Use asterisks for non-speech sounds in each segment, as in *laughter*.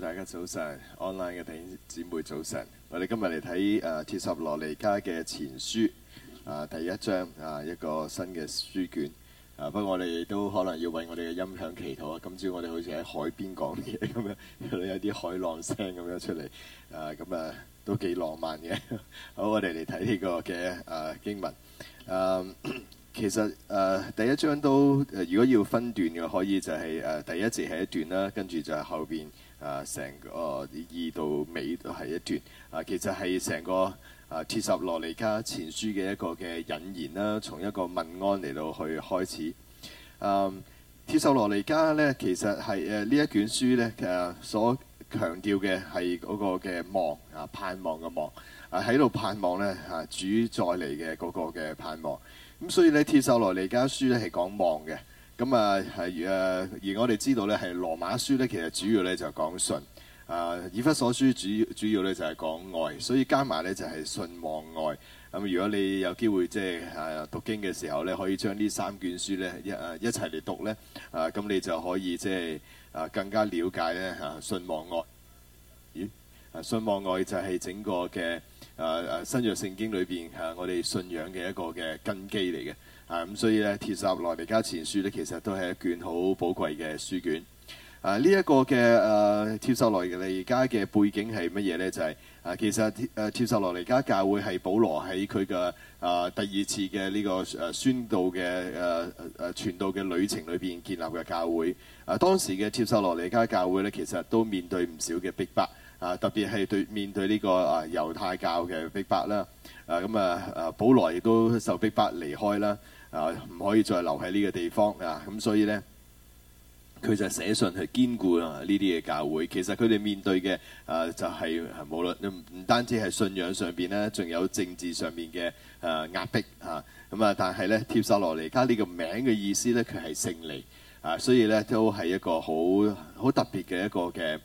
大家早晨，online 嘅弟兄姊妹早晨。我哋今日嚟睇誒帖撒羅尼迦嘅前書，啊第一章啊一個新嘅書卷啊。不過我哋都可能要為我哋嘅音響祈禱啊。今朝我哋好似喺海邊講嘢咁樣，有啲海浪聲咁樣出嚟啊。咁啊都幾浪漫嘅。好，我哋嚟睇呢個嘅啊經文。誒、啊，其實誒、啊、第一章都誒，如果要分段嘅，可以就係、是、誒、啊、第一節係一段啦，跟住就係後邊。啊，成個、哦、二到尾都係一段啊，其實係成個啊《鐵十羅尼加》前書嘅一個嘅引言啦、啊，從一個問案嚟到去開始。嗯、啊，《鐵十羅尼加》呢，其實係誒呢一卷書咧誒、啊、所強調嘅係嗰個嘅望啊，盼望嘅望啊，喺度盼望呢，啊主再嚟嘅嗰個嘅盼望。咁所以呢，鐵十羅尼加》書呢，係講望嘅。咁啊，係誒，而我哋知道咧，係《羅馬書》咧，其實主要咧就係講信；啊，《以弗所書》主主要主要咧就係、是、講愛。所以加埋咧就係、是、信望愛。咁如果你有機會即係誒讀經嘅時候咧，可以將呢三卷書咧一誒一齊嚟讀咧，啊咁你就可以即係、就是啊、更加了解咧吓信望愛。咦？信望愛就係整個嘅誒、啊、新約聖經裏面，係我哋信仰嘅一個嘅根基嚟嘅。啊咁、嗯、所以咧《帖撒羅尼迦前書呢》咧，其實都係一卷好寶貴嘅書卷。啊呢一、這個嘅誒《帖、啊、撒羅尼迦》嘅背景係乜嘢咧？就係、是、啊其實《帖誒帖撒羅尼迦教會係保羅喺佢嘅啊第二次嘅呢、這個誒、啊、宣道嘅誒誒傳道嘅旅程裏邊建立嘅教會。啊當時嘅《帖撒羅尼迦教會咧，其實都面對唔少嘅逼迫，迫。啊！特別係對面對呢個啊猶太教嘅逼迫啦，啊咁啊啊保羅亦都受逼迫離開啦，啊唔可以再留喺呢個地方啊！咁所以咧，佢就寫信去堅固啊呢啲嘅教會。其實佢哋面對嘅啊就係係無論唔唔單止係信仰上邊呢，仲有政治上邊嘅啊壓迫啊。咁啊，但係咧帖撒羅尼迦呢個名嘅意思咧，佢係勝利啊，所以咧都係一個好好特別嘅一個嘅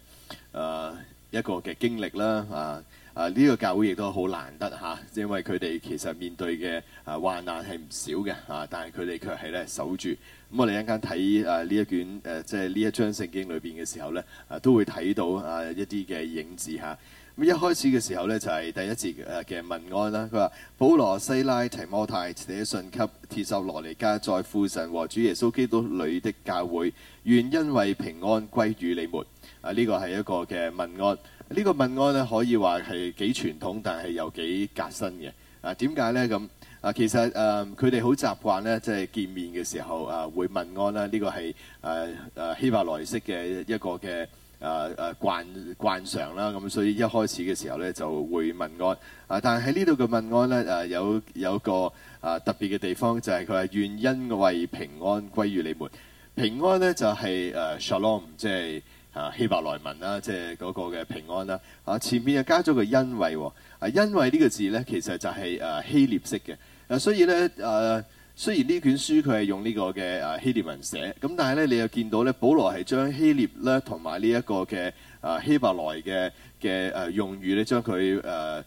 啊。一個嘅經歷啦，啊啊呢、這個教會亦都好難得下、啊、因為佢哋其實面對嘅啊患難係唔少嘅，啊但係佢哋卻係咧守住。咁、啊、我哋一間睇呢一卷、啊、即係呢一章聖經裏面嘅時候呢，啊都會睇到啊一啲嘅影子下咁、啊、一開始嘅時候呢，就係、是、第一次嘅問安啦，佢、啊、話：保羅西拉提摩太寫信給鐵撒羅尼加在父神和主耶穌基督裏的教會，願因為平安歸於你們。啊！呢個係一個嘅問安，呢個問安咧可以話係幾傳統，但係又幾革新嘅。啊，點解咧？咁啊，其實誒佢哋好習慣咧，即係見面嘅時候啊，會問安啦。呢個係誒誒希伯來式嘅一個嘅誒誒慣慣常啦。咁所以一開始嘅時候咧就會問安。啊，但係喺呢度嘅問安咧誒有有個啊特別嘅地方就係佢係願恩惠平安歸於你們。平安咧就係誒 Shalom，即係。啊希伯來文啦，即係嗰個嘅平安啦。啊前面又加咗個、啊、恩惠喎，啊恩惠呢個字咧其實就係、是、誒、啊、希臘式嘅。啊所以咧誒、啊、雖然呢卷書佢係用呢、這個嘅誒、啊、希臘文寫，咁但係咧你又見到咧，保羅係將希臘咧同埋呢一、這個嘅誒、啊、希伯來嘅嘅誒用語咧，將佢誒、啊、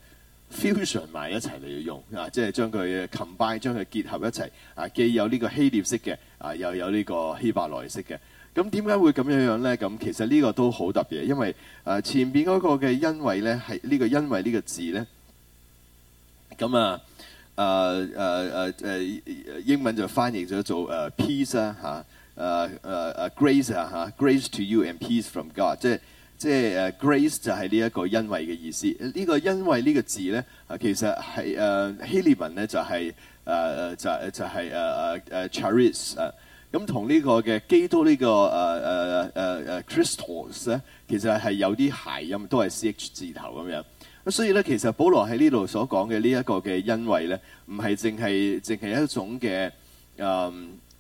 fusion 埋一齊嚟用啊，即係將佢 combine 將佢結合一齊啊，既有呢個希臘式嘅啊，又有呢個希伯來式嘅。咁點解會咁樣樣咧？咁其實呢個都好特別，因為誒、呃、前邊嗰個嘅因為咧係呢這個因為呢個字咧，咁、嗯、啊誒誒誒誒英文就翻譯咗做誒 peace 啦、啊、嚇，誒、啊、誒、啊 uh, grace 啊 grace to you and peace from God，即係即係、啊、誒 grace 就係呢一個因為嘅意思。呢、這個因為呢個字咧，其實係誒希臘文咧就係誒誒就就係誒誒誒 charis 啊。咁同呢個嘅基督呢個誒誒誒誒 Christos 咧，啊啊啊、Cry als, 其實係有啲諧音，都係 C H 字頭咁樣。咁所以咧，其實保羅喺呢度所講嘅呢一個嘅恩惠咧，唔係淨係淨係一種嘅誒，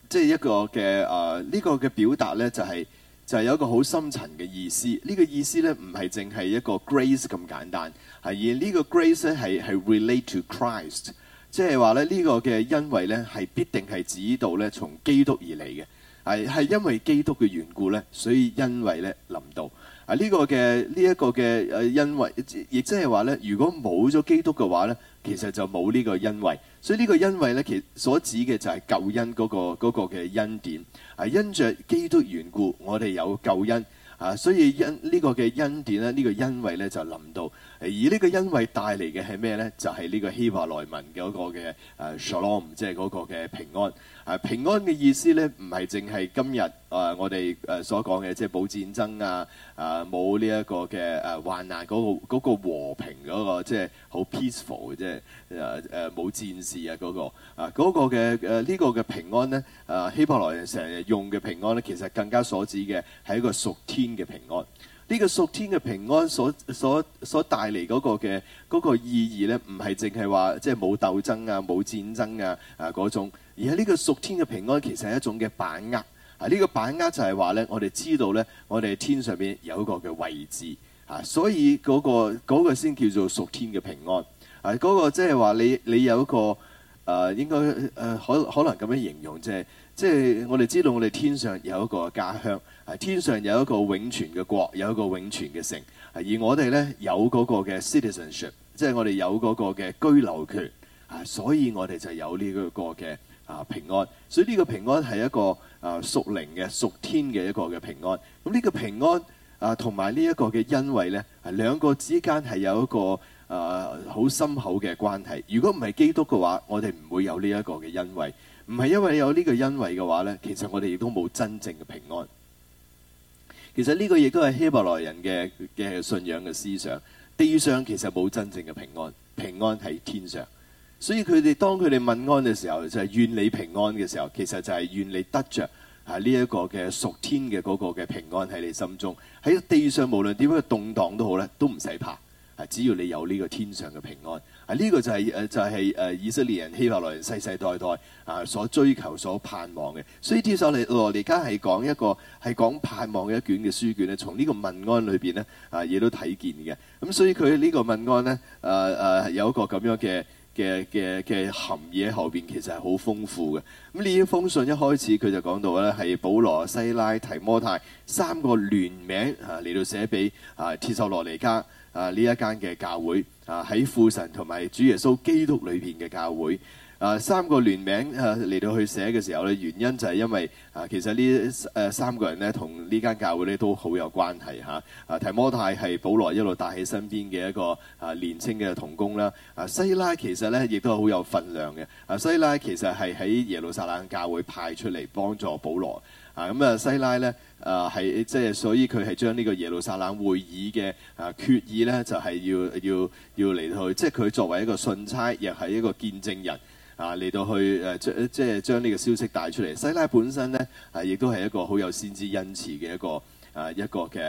即係一個嘅誒呢個嘅表達咧，就係、是、就係、是、有一個好深層嘅意思。呢、這個意思咧，唔係淨係一個 grace 咁簡單，係而這個呢個 grace 咧係係 relate to Christ。即係話咧，呢、這個嘅恩惠呢，係必定係指到呢從基督而嚟嘅，係係因為基督嘅緣故呢，所以恩惠呢臨到。啊，呢、這個嘅呢一個嘅誒恩惠，亦即係話呢，如果冇咗基督嘅話呢，其實就冇呢個恩惠。所以呢個恩惠呢，其實所指嘅就係救恩嗰、那個嘅、那個、恩典。啊，因着基督緣故，我哋有救恩。啊，所以因呢、這個嘅恩典呢，呢、這個恩惠呢就臨到。而這個恩惠呢個因為帶嚟嘅係咩咧？就係、是、呢個希伯來文嗰個嘅誒 Shalom，即係嗰個嘅平安。誒、啊、平安嘅意思咧，唔係淨係今日誒、啊、我哋誒所講嘅，即係冇戰爭啊，誒冇呢一個嘅誒患難嗰、那個那個和平嗰、那個，即、就、係、是、好 peaceful，即係誒、啊、誒冇、啊、戰事啊嗰、那個啊嗰嘅誒呢個嘅、這個、平安咧，誒、啊、希伯來人成日用嘅平安咧，其實更加所指嘅係一個屬天嘅平安。呢個屬天嘅平安所所所帶嚟嗰個嘅嗰個意義呢，唔係淨係話即係冇鬥爭啊、冇戰爭啊啊嗰種，而係呢個屬天嘅平安其實係一種嘅把握。啊，呢個把握就係話呢，我哋知道呢，我哋天上邊有一個嘅位置啊，所以嗰個嗰個先叫做屬天嘅平安啊。嗰個即係話你你有一個啊、呃，應該誒、呃、可可能咁樣形容即係。就是即係我哋知道，我哋天上有一個家鄉，天上有一個永存嘅國，有一個永存嘅城。而我哋呢，有嗰個嘅 citizenship，即係我哋有嗰個嘅居留權。啊，所以我哋就有呢個嘅啊平安。所以呢個平安係一個啊屬靈嘅、屬天嘅一個嘅平安。咁呢個平安啊同埋呢一個嘅恩惠呢，兩個之間係有一個啊好、呃、深厚嘅關係。如果唔係基督嘅話，我哋唔會有呢一個嘅恩惠。唔係因為有呢個恩惠嘅話呢，其實我哋亦都冇真正嘅平安。其實呢個亦都係希伯來人嘅嘅信仰嘅思想。地上其實冇真正嘅平安，平安喺天上。所以佢哋當佢哋問安嘅時候，就係願你平安嘅時候，其實就係願你得着啊呢一個嘅屬天嘅嗰個嘅平安喺你心中。喺地上無論點樣嘅動盪都好呢，都唔使怕。啊，只要你有呢個天上嘅平安。呢、啊這個就係、是、誒就係、是、誒以色列人希伯來人世世代代啊所追求所盼望嘅，所以帖撒羅羅尼迦係講一個係講盼望嘅一卷嘅書卷咧，從呢個問安裏邊、啊、呢，啊亦都睇見嘅。咁所以佢呢個問安呢，誒誒有一個咁樣嘅嘅嘅嘅含義喺後邊，其實係好豐富嘅。咁呢一封信一開始佢就講到咧係保羅西拉提摩太三個聯名啊嚟到寫俾啊帖撒羅尼迦。啊！呢一間嘅教會啊，喺父神同埋主耶穌基督裏邊嘅教會啊，三個聯名啊嚟到去寫嘅時候咧，原因就係因為啊，其實呢誒三個人咧同呢間教會咧都好有關係嚇。啊提摩太係保羅一路帶喺身邊嘅一個啊年輕嘅同工啦。啊西拉其實咧亦都係好有份量嘅。啊西拉其實係喺耶路撒冷教會派出嚟幫助保羅。啊，咁啊，西拉咧，啊係即係，所以佢係將呢個耶路撒冷會議嘅啊決議咧，就係、是、要要要嚟到去，即係佢作為一個信差，亦係一個見證人，啊嚟到去誒，即係將呢個消息帶出嚟。西拉本身咧，係、啊、亦都係一個好有先知恩賜嘅一個。啊，一個嘅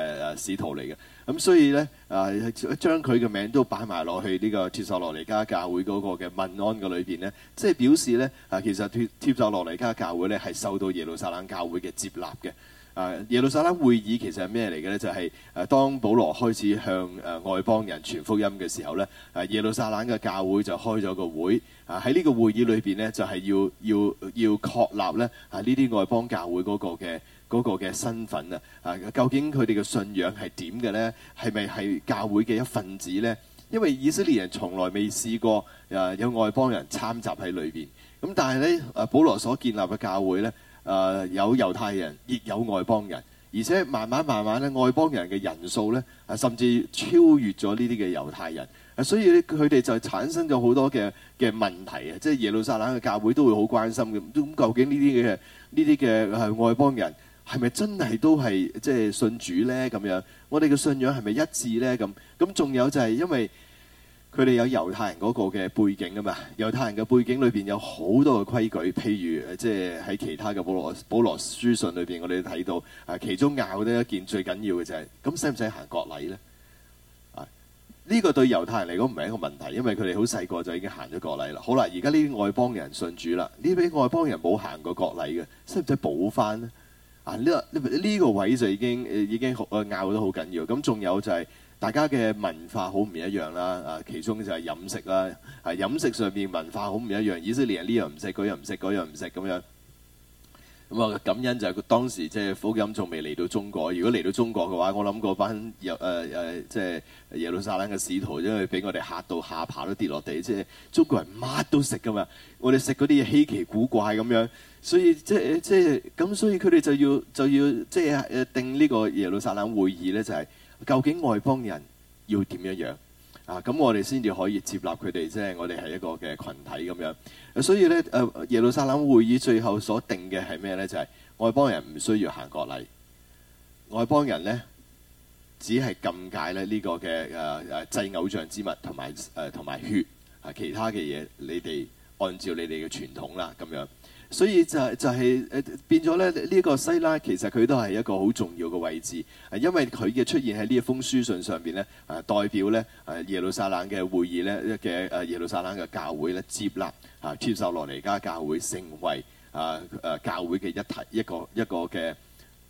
使徒嚟嘅，咁、啊、所以呢，啊將佢嘅名都擺埋落去呢、這個帖撒羅尼迦教會嗰、那個嘅問安嘅裏面呢，即係表示呢，啊其實帖帖撒羅尼迦教會呢係受到耶路撒冷教會嘅接納嘅。啊，耶路撒冷會議其實係咩嚟嘅呢？就係、是、誒、啊、當保羅開始向外邦人傳福音嘅時候呢、啊，耶路撒冷嘅教會就開咗個會，啊喺呢個會議裏面呢，就係、是、要要要確立咧呢啲、啊、外邦教會嗰個嘅。嗰個嘅身份啊，啊究竟佢哋嘅信仰係點嘅呢？係咪係教會嘅一份子呢？因為以色列人從來未試過啊有外邦人參雜喺裏邊。咁、嗯、但係呢，啊保羅所建立嘅教會呢，啊有猶太人，亦有外邦人，而且慢慢慢慢呢，外邦人嘅人數呢，啊甚至超越咗呢啲嘅猶太人，所以呢，佢哋就產生咗好多嘅嘅問題啊！即係耶路撒冷嘅教會都會好關心嘅。咁究竟呢啲嘅呢啲嘅外邦人，係咪真係都係即係信主呢？咁樣，我哋嘅信仰係咪一致呢？咁咁，仲有就係因為佢哋有猶太人嗰個嘅背景啊嘛，猶太人嘅背景裏邊有好多嘅規矩，譬如即係喺其他嘅保羅保羅書信裏邊，我哋都睇到啊，其中拗得一件最緊要嘅就係，咁使唔使行割禮呢？呢個對猶太人嚟講唔係一個問題，因為佢哋好細個就已經行咗割禮啦。好啦，而家呢啲外邦人信主啦，呢啲外邦人冇行過割禮嘅，使唔使補翻咧？啊！呢個呢個位就已經誒已經拗得好緊要，咁仲有就係大家嘅文化好唔一樣啦。啊，其中就係飲食啦，係飲食上面文化好唔一樣。以色列人呢樣唔食，嗰樣唔食，嗰樣唔食咁咁啊，感恩就係佢當時即係福音仲未嚟到中國。如果嚟到中國嘅話，我諗嗰班耶誒誒，即係耶路撒冷嘅使徒，因為俾我哋吓到下巴都跌落地。即係中國人乜都食噶嘛，我哋食嗰啲嘢稀奇古怪咁樣。所以即係即係咁，所以佢哋就要就要即係誒定呢個耶路撒冷會議咧，就係究竟外邦人要點樣樣。啊，咁我哋先至可以接納佢哋，即係我哋係一個嘅群體咁樣。所以呢、啊、耶路撒冷會議最後所定嘅係咩呢？就係外邦人唔需要行割禮，外邦人呢，只係禁戒咧呢個嘅誒祭偶像之物同埋同埋血啊，其他嘅嘢你哋按照你哋嘅傳統啦咁樣。所以就係就係、變咗咧呢、這個西拉，其實佢都係一個好重要嘅位置、呃啊啊啊啊啊啊這個，啊，因為佢嘅出現喺呢一封書信上面，代表呢耶路撒冷嘅會議咧嘅耶路撒冷嘅教會呢接納啊，接受帖撒羅尼迦教會成為啊教會嘅一體一個一個嘅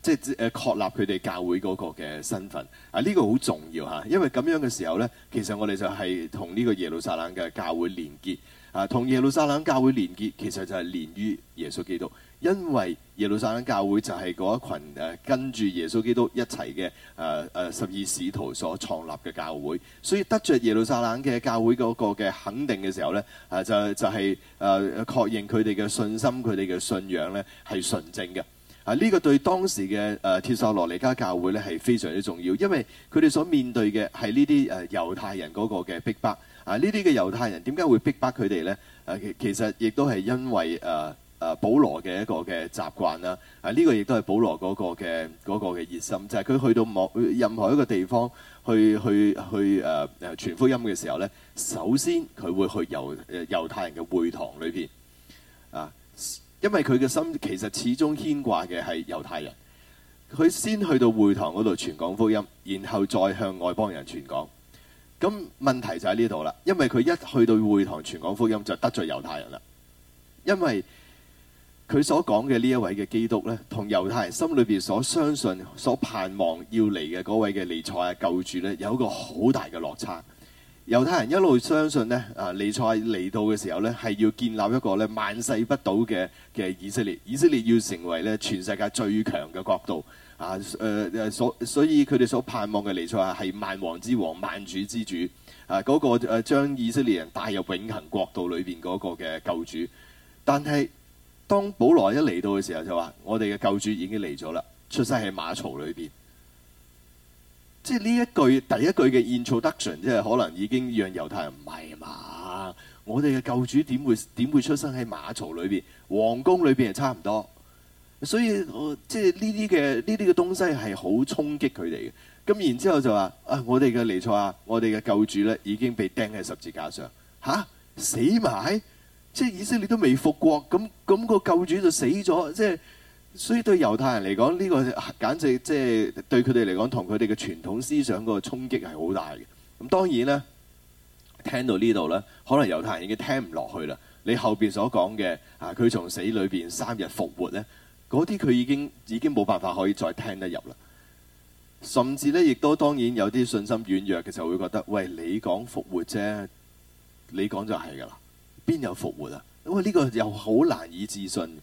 即係誒確立佢哋教會嗰個嘅身份啊，呢個好重要嚇，因為咁樣嘅時候呢，其實我哋就係同呢個耶路撒冷嘅教會連結。啊，同耶路撒冷教會連結，其實就係連於耶穌基督，因為耶路撒冷教會就係嗰一群誒、啊、跟住耶穌基督一齊嘅誒誒十二使徒所創立嘅教會，所以得着耶路撒冷嘅教會嗰個嘅肯定嘅時候呢誒、啊、就就係誒確認佢哋嘅信心、佢哋嘅信仰咧係純正嘅。啊，呢、這個對當時嘅誒、啊、帖撒羅尼迦教會呢係非常之重要，因為佢哋所面對嘅係呢啲誒猶太人嗰個嘅逼迫。啊！呢啲嘅猶太人點解會逼迫佢哋呢？誒，其實亦都係因為誒誒保羅嘅一個嘅習慣啦。啊，呢個亦都係保羅嗰個嘅嗰個嘅熱心，就係佢去到某任何一個地方去去去誒誒傳福音嘅時候呢，首先佢會去猶猶太人嘅會堂裏邊啊，因為佢嘅心其實始終牽掛嘅係猶太人，佢先去到會堂嗰度傳講福音，然後再向外邦人傳講。咁問題就喺呢度啦，因為佢一去到會堂傳講福音，就得罪猶太人啦。因為佢所講嘅呢一位嘅基督呢，同猶太人心裏面所相信、所盼望要嚟嘅嗰位嘅彌賽亞救主呢，有一個好大嘅落差。猶太人一路相信呢，啊，彌賽亞嚟到嘅時候呢，係要建立一個呢萬世不倒嘅嘅以色列，以色列要成為呢全世界最強嘅國度。啊，啊，所所以佢哋所盼望嘅彌賽亞係萬王之王、萬主之主，啊嗰、嗰個將將以色列人帶入永恆國度裏邊嗰個嘅救主。但係當保羅一嚟到嘅時候，就話：「我哋嘅救主已經嚟咗啦，出生喺馬槽裏邊。」即係呢一句第一句嘅 introduction，即係可能已經讓猶太人唔係嘛，我哋嘅救主點會點會出生喺馬槽裏邊、皇宮裏邊？係差唔多。所以我即係呢啲嘅呢啲嘅東西係好衝擊佢哋嘅。咁然之後就話：啊，我哋嘅彌賽亞啊，我哋嘅救主呢已經被釘喺十字架上，吓死埋！即係以色列都未復國，咁咁個救主就死咗。即係所以對猶太人嚟講，呢個簡直即係對佢哋嚟講，同佢哋嘅傳統思想個衝擊係好大嘅。咁當然呢，聽到呢度呢，可能猶太人已經聽唔落去啦。你後面所講嘅啊，佢從死裏邊三日復活呢。嗰啲佢已經已經冇辦法可以再聽得入啦，甚至咧亦都當然有啲信心軟弱嘅就會覺得，喂你講復活啫，你講就係㗎啦，邊有復活啊？因為呢個又好難以置信，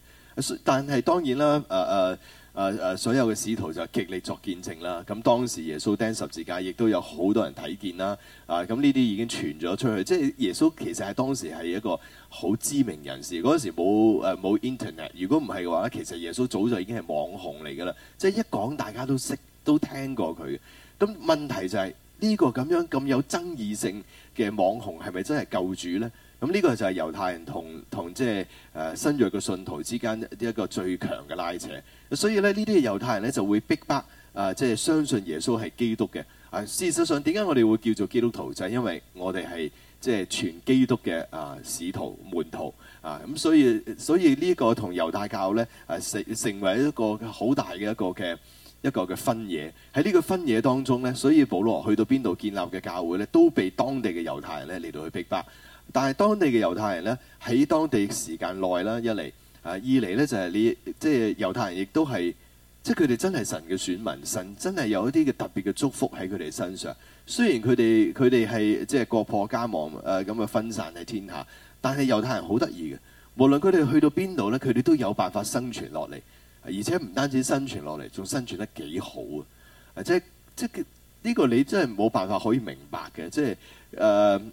但係當然啦，誒、呃、誒。呃誒誒，所有嘅使徒就極力作見證啦。咁當時耶穌釘十字架，亦都有好多人睇見啦。啊，咁呢啲已經傳咗出去。即係耶穌其實係當時係一個好知名人士。嗰陣時冇誒冇 internet，如果唔係嘅話，其實耶穌早就已經係網紅嚟㗎啦。即係一講大家都識都聽過佢。咁問題就係呢個咁樣咁有爭議性嘅網紅係咪真係救主呢？咁呢個就係猶太人同同即係誒新約嘅信徒之間呢一個最強嘅拉扯，所以咧呢啲猶太人咧就會逼迫啊，即係相信耶穌係基督嘅。啊，事實上點解我哋會叫做基督徒？就係因為我哋係即係全基督嘅啊使徒門徒啊。咁所以所以呢個同猶太教咧啊成成為一個好大嘅一個嘅一個嘅分野。喺呢個分野當中咧，所以保羅去到邊度建立嘅教會咧，都被當地嘅猶太人咧嚟到去逼迫。但係當地嘅猶太人呢，喺當地的時間內啦，一嚟啊，二嚟呢，就係你，即係猶太人亦都係，即係佢哋真係神嘅選民，神真係有一啲嘅特別嘅祝福喺佢哋身上。雖然佢哋佢哋係即係國破家亡誒咁嘅分散喺天下，但係猶太人好得意嘅，無論佢哋去到邊度呢，佢哋都有辦法生存落嚟，而且唔單止生存落嚟，仲生存得幾好的啊！即，即係呢個你真係冇辦法可以明白嘅，即係誒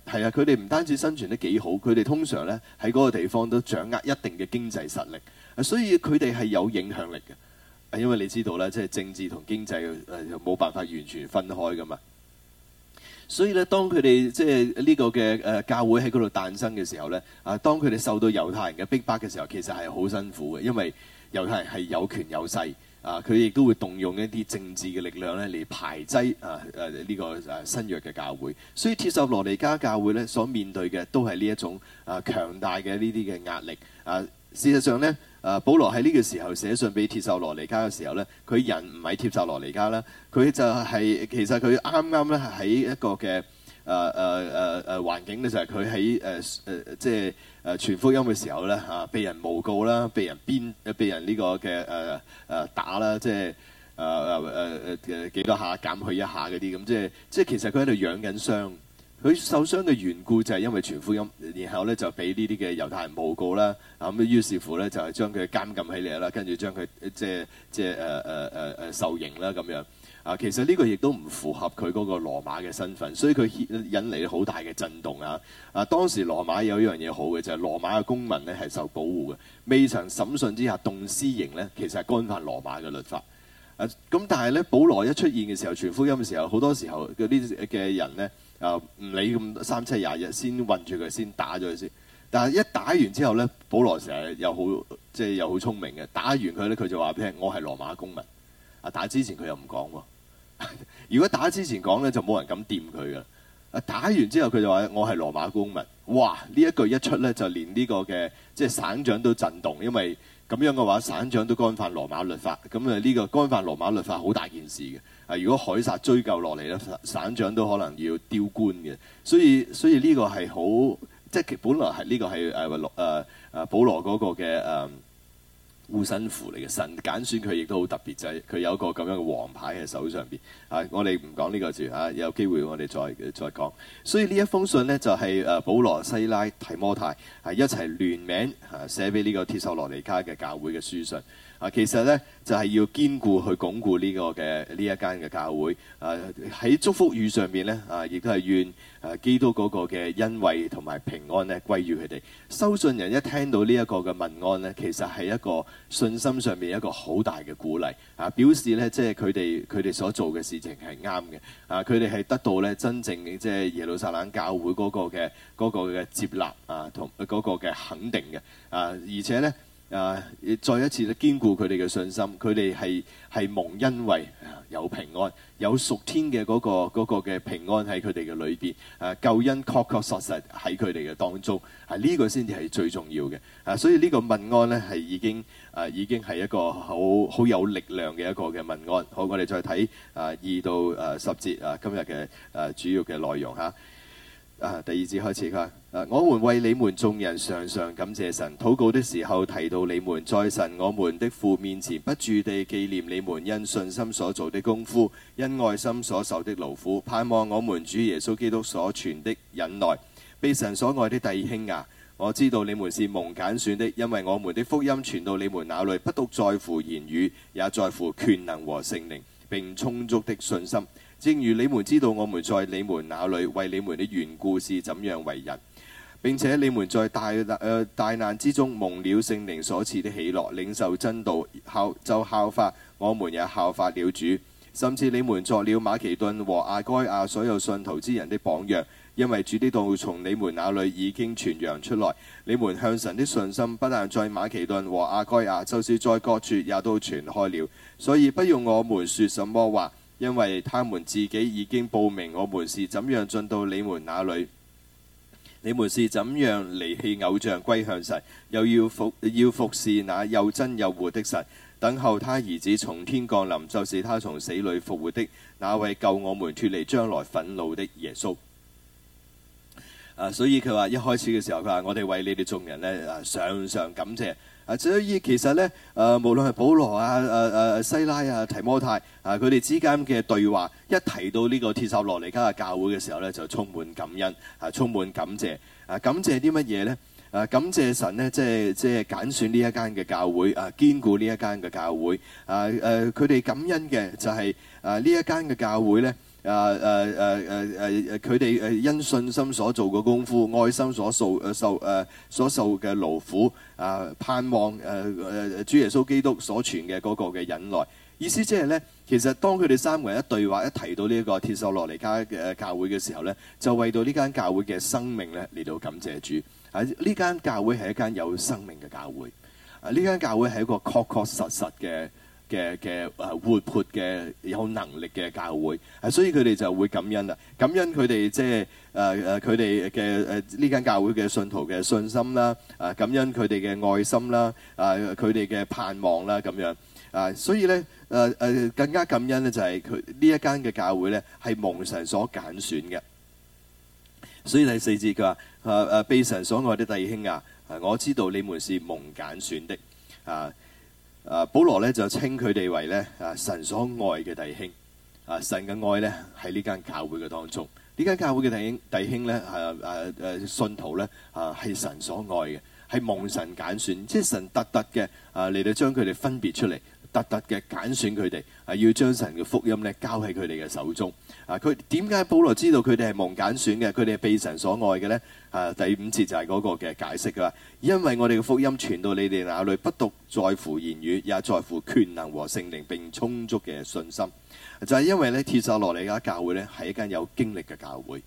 係啊！佢哋唔單止生存得幾好，佢哋通常呢喺嗰個地方都掌握一定嘅經濟實力，所以佢哋係有影響力嘅。因為你知道咧，即係政治同經濟誒冇辦法完全分開噶嘛。所以呢，當佢哋即係呢個嘅誒教會喺嗰度誕生嘅時候呢，啊，當佢哋受到猶太人嘅逼迫嘅時候，其實係好辛苦嘅，因為猶太人係有權有勢。啊！佢亦都會動用一啲政治嘅力量咧，嚟排擠啊誒呢、啊這個誒、啊、新約嘅教會。所以帖撒羅尼迦教會咧，所面對嘅都係呢一種啊強大嘅呢啲嘅壓力。啊，事實上咧，啊保羅喺呢個時候寫信俾帖撒羅尼迦嘅時候咧，佢人唔係帖撒羅尼迦啦，佢就係、是、其實佢啱啱咧喺一個嘅。誒誒誒誒環境咧就係佢喺誒誒即係誒傳福音嘅時候咧嚇、啊，被人誣告啦，被人鞭、被人呢個嘅誒誒打啦，即係誒誒誒誒幾多下監佢一下嗰啲咁，即係即係其實佢喺度養緊傷，佢受傷嘅緣故就係因為傳福音，然後咧就俾呢啲嘅猶太人誣告啦，咁、啊、於是乎咧就係將佢監禁起嚟啦，跟住將佢即係即係誒誒誒誒受刑啦咁樣。啊，其實呢個亦都唔符合佢嗰個羅馬嘅身份，所以佢引嚟好大嘅震動啊！啊，當時羅馬有一樣嘢好嘅就係、是、羅馬嘅公民咧係受保護嘅，未曾審訊之下動私刑呢其實係干犯羅馬嘅律法。咁、啊、但係呢，保羅一出現嘅時候，傳福音嘅時候，好多時候啲嘅人呢，唔、啊、理咁三七廿日先困住佢，先打咗佢先。但係一打完之後呢，保羅成日又好即係又好聰明嘅，打完佢呢，佢就話俾佢聽：我係羅馬公民啊！打之前佢又唔講。 *laughs* 如果打之前講呢，就冇人敢掂佢噶，打完之後佢就話我係羅馬公民，哇，呢一句一出呢，就連呢個嘅即係省長都震動，因為咁樣嘅話省長都干犯羅馬律法，咁、啊，呢個干犯羅馬律法好大件事嘅。啊，如果凱撒追究落嚟呢，省省長都可能要丟官嘅，所以所以，呢個係好即係本來係呢個係誒羅誒誒保羅嗰個嘅。啊護身符嚟嘅。神揀選佢，亦都好特別，就係、是、佢有一個咁樣嘅王牌喺手上邊。啊，我哋唔講呢個字，有機會我哋再再講。所以呢一封信呢，就係、是、保羅、西拉、提摩太一齊聯名寫俾呢個帖撒羅尼迦嘅教會嘅書信。啊，其實呢，就係要堅固去鞏固呢個嘅呢一間嘅教會。啊，喺祝福語上面呢，啊，亦都係願基督嗰個嘅恩惠同埋平安呢歸於佢哋。收信人一聽到呢一個嘅問安呢，其實係一個信心上面一個好大嘅鼓勵啊！表示呢，即係佢哋佢哋所做嘅事情係啱嘅。啊，佢哋係得到呢，真正嘅即係耶路撒冷教會嗰個嘅嗰個嘅接納啊，同嗰個嘅肯定嘅啊，而且呢。啊！再一次堅固佢哋嘅信心，佢哋係係蒙恩惠，有平安，有屬天嘅嗰個嗰個嘅平安喺佢哋嘅裏邊，啊救恩確確實實喺佢哋嘅當中，啊呢個先至係最重要嘅。啊，所以呢個問安咧係已經啊已經係一個好好有力量嘅一個嘅問安。好，我哋再睇啊二到啊十節啊今日嘅啊主要嘅內容嚇。啊啊、第二節開始，佢、啊、話：我們為你們眾人常常感謝神，禱告的時候提到你們，在神我們的父面前不住地紀念你們因信心所做的功夫，因愛心所受的勞苦，盼望我們主耶穌基督所傳的忍耐，被神所愛的弟兄啊，我知道你們是蒙揀選的，因為我們的福音傳到你們那裏，不獨在乎言語，也在乎權能和聖靈並充足的信心。正如你們知道，我們在你們那裏為你們的緣故是怎樣為人；並且你們在大、呃、大難之中蒙了聖靈所賜的喜樂，領受真道，效就效法我們，也效法了主。甚至你們作了馬其頓和阿該亞所有信徒之人的榜樣，因為主的道從你們那裏已經傳揚出來。你們向神的信心不但在馬其頓和阿該亞，就是在各處也都傳開了。所以不用我們說什麼話。因為他們自己已經報明，我們是怎樣進到你們那裏，你們是怎樣離棄偶像歸向神，又要服要服侍那又真又活的神，等候他兒子從天降臨，就是他從死裏復活的那位救我們脫離將來憤怒的耶穌。啊，所以佢話一開始嘅時候，佢話我哋為你哋眾人呢，常常感謝。啊！所以其實咧，誒無論係保羅啊、誒、啊、誒、啊、西拉啊、提摩太啊，佢哋之間嘅對話，一提到呢個帖撒羅尼迦嘅教會嘅時候咧，就充滿感恩啊，充滿感謝啊，感謝啲乜嘢咧？啊，感謝神咧，即係即係揀選呢一間嘅教會啊，堅固呢一間嘅教會啊誒，佢、啊、哋感恩嘅就係、是、啊呢一間嘅教會咧。啊！誒誒誒誒佢哋誒因信心所做嘅功夫，愛心所受誒受誒、啊、所受嘅勞苦啊！盼望誒誒、啊、主耶穌基督所傳嘅嗰個嘅忍耐，意思即係咧，其實當佢哋三個人一對話一提到呢個帖撒羅尼迦嘅教會嘅時候咧，就為到呢間教會嘅生命咧嚟到感謝主啊！呢間教會係一間有生命嘅教會啊！呢間教會係一個確確實實嘅。嘅嘅誒活潑嘅有能力嘅教會，所以佢哋就會感恩啦。感恩佢哋即係誒誒佢哋嘅誒呢間教會嘅信徒嘅信心啦，誒感恩佢哋嘅愛心啦，誒佢哋嘅盼望啦咁樣。啊，所以咧誒誒更加感恩咧就係佢呢一間嘅教會咧係蒙神所揀選嘅。所以第四節佢話誒誒被神所愛的弟兄啊，我知道你們是蒙揀選的啊。啊，保羅咧就稱佢哋為咧啊神所愛嘅弟兄，啊神嘅愛咧喺呢間教會嘅當中，呢間教會嘅弟兄弟兄咧啊啊誒信徒咧啊係神所愛嘅，係蒙神揀選，即係神特特嘅啊嚟到將佢哋分別出嚟。特特嘅揀選佢哋，係要將神嘅福音咧交喺佢哋嘅手中。啊，佢點解保羅知道佢哋係蒙揀選嘅，佢哋係被神所愛嘅呢？啊，第五節就係嗰個嘅解釋，佢話：，因為我哋嘅福音傳到你哋那裏，不獨在乎言語，也在乎權能和聖靈並充足嘅信心。就係、是、因為呢帖撒羅尼迦嘅教會呢係一間有經歷嘅教會。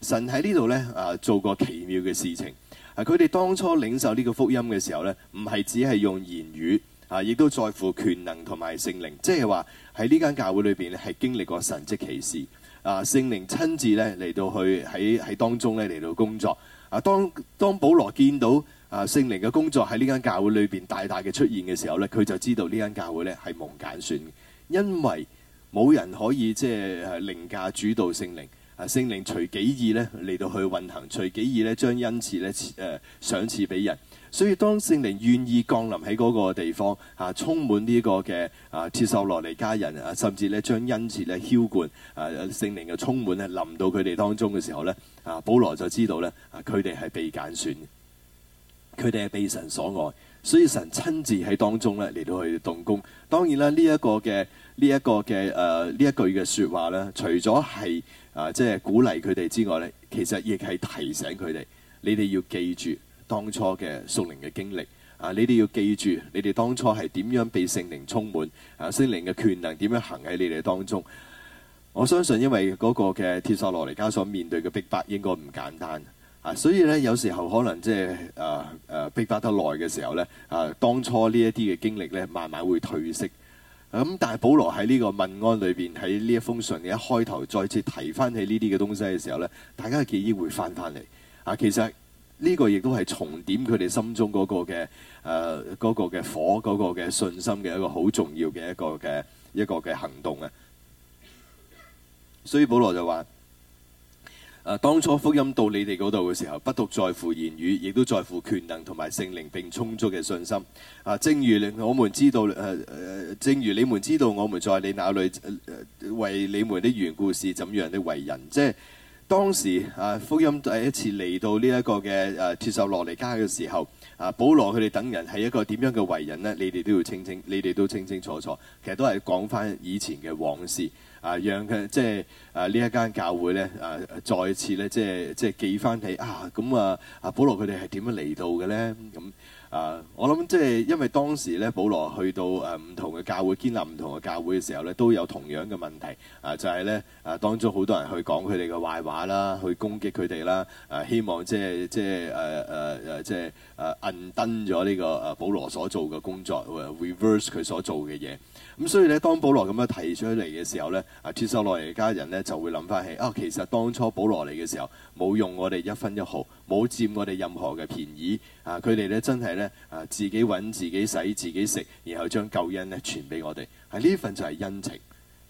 神喺呢度呢啊，做過奇妙嘅事情。啊，佢哋當初領受呢個福音嘅時候呢，唔係只係用言語。啊！亦都在乎權能同埋聖靈，即係話喺呢間教會裏面係經歷過神蹟奇事啊！聖靈親自咧嚟到去喺喺當中嚟到工作。啊！當當保羅見到啊聖靈嘅工作喺呢間教會裏面大大嘅出現嘅時候呢，佢就知道呢間教會呢係蒙揀選嘅，因為冇人可以即係、就是、凌駕主導聖靈。啊！聖靈隨己意咧嚟到去運行，隨己意咧將恩賜咧誒賞賜俾人。所以，當聖靈願意降臨喺嗰個地方，啊，充滿呢個嘅啊，帖撒羅尼迦人啊，甚至咧將恩賜咧澆灌啊，聖靈嘅充滿咧臨到佢哋當中嘅時候咧，啊，保羅就知道咧，啊，佢哋係被揀選嘅，佢哋係被神所愛，所以神親自喺當中咧嚟到去動工。當然啦，呢一個嘅呢一個嘅誒呢一句嘅説話咧，除咗係啊，即係鼓勵佢哋之外咧，其實亦係提醒佢哋，你哋要記住。當初嘅聖靈嘅經歷啊，你哋要記住，你哋當初係點樣被聖靈充滿啊？聖靈嘅權能點樣行喺你哋當中？我相信，因為嗰個嘅帖撒羅尼迦所面對嘅逼迫，迫應該唔簡單啊。所以呢，有時候可能即、就、係、是、啊啊逼迫，迫得耐嘅時候呢，啊，當初呢一啲嘅經歷呢，慢慢會褪色。咁、啊、但係，保羅喺呢個問安裏邊喺呢一封信嘅一開頭，再次提翻起呢啲嘅東西嘅時候呢，大家嘅記憶會翻翻嚟啊。其實，呢個亦都係重點，佢哋心中嗰個嘅誒嗰個嘅火嗰、那個嘅信心嘅一個好重要嘅一個嘅一個嘅行動嘅。所以保羅就話：誒、啊、當初福音到你哋嗰度嘅時候，不獨在乎言語，亦都在乎權能同埋聖靈並充足嘅信心。啊，正如我們知道誒誒、啊，正如你們知道我們在你那裡、啊、為你們的緣故是怎樣的為人，即係。當時啊，福音第一次嚟到呢一個嘅誒帖撒羅尼迦嘅時候，啊，保羅佢哋等人係一個點樣嘅為人呢？你哋都要清清，你哋都清清楚楚。其實都係講翻以前嘅往事，啊，讓佢即係啊呢一間教會呢，啊，再次咧即係即係記翻起啊，咁啊，啊保羅佢哋係點樣嚟到嘅呢？咁、嗯。啊，我諗即係因為當時咧，保羅去到誒唔同嘅教會，建立唔同嘅教會嘅時候咧，都有同樣嘅問題啊，就係咧啊，當中好多人去講佢哋嘅壞話啦，去攻擊佢哋啦，誒希望即係即係誒誒誒即係誒 undone 咗呢個誒保羅所做嘅工作，reverse 佢所做嘅嘢。咁、嗯、所以咧，當保羅咁樣提出嚟嘅時候呢，啊，帖撒羅尼迦嘅家人呢，就會諗翻起啊，其實當初保羅嚟嘅時候冇用我哋一分一毫，冇佔我哋任何嘅便宜啊！佢哋呢，真係呢，啊，自己揾自己使自己食，然後將救恩呢傳俾我哋，係、啊、呢份就係恩情。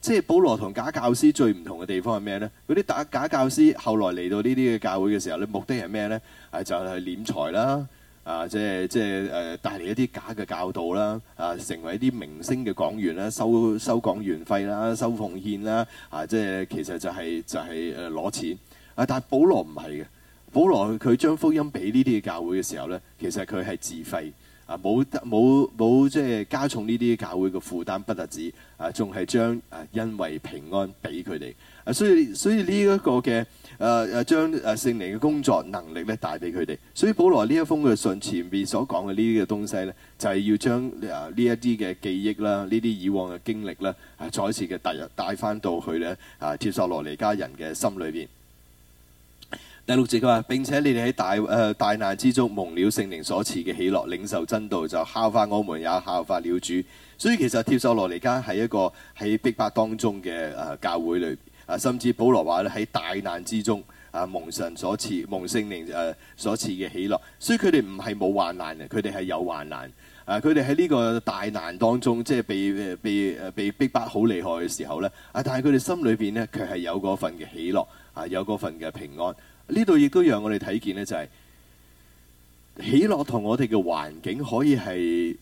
即係保羅同假教師最唔同嘅地方係咩呢？嗰啲打假教師後來嚟到呢啲嘅教會嘅時候咧，目的係咩呢？係、啊、就係斂財啦。啊！即係即係誒，帶嚟一啲假嘅教導啦！啊，成為一啲明星嘅講員啦，收收講員費啦，收奉獻啦！啊，即係其實就係、是、就係、是、攞錢啊！但係保羅唔係嘅，保羅佢將福音俾呢啲嘅教會嘅時候咧，其實佢係自費啊，冇冇冇即係加重呢啲教會嘅負擔不，不特止啊，仲係將啊恩惠平安俾佢哋啊，所以所以呢一個嘅。誒誒將誒聖靈嘅工作能力咧帶俾佢哋，所以保羅呢一封嘅信前面所講嘅呢啲嘅東西咧，就係要將啊呢一啲嘅記憶啦、呢啲以往嘅經歷咧，再一次嘅帶入帶翻到去咧啊帖撒羅尼迦人嘅心裏面。第六節佢話：並且你哋喺大誒大難之中蒙了聖靈所賜嘅喜樂，領受真道，就效法我們，也效法了主。所以其實帖撒羅尼迦係一個喺逼迫當中嘅誒教會裏邊。啊，甚至保羅話咧喺大難之中，啊蒙神所賜，蒙聖靈誒所賜嘅喜樂，所以佢哋唔係冇患難嘅，佢哋係有患難。啊，佢哋喺呢個大難當中，即係被被被逼得好厲害嘅時候呢。啊，但係佢哋心裏邊呢，卻係有嗰份嘅喜樂，啊，有嗰份嘅平安。呢度亦都讓我哋睇見呢，就係喜樂同我哋嘅環境可以係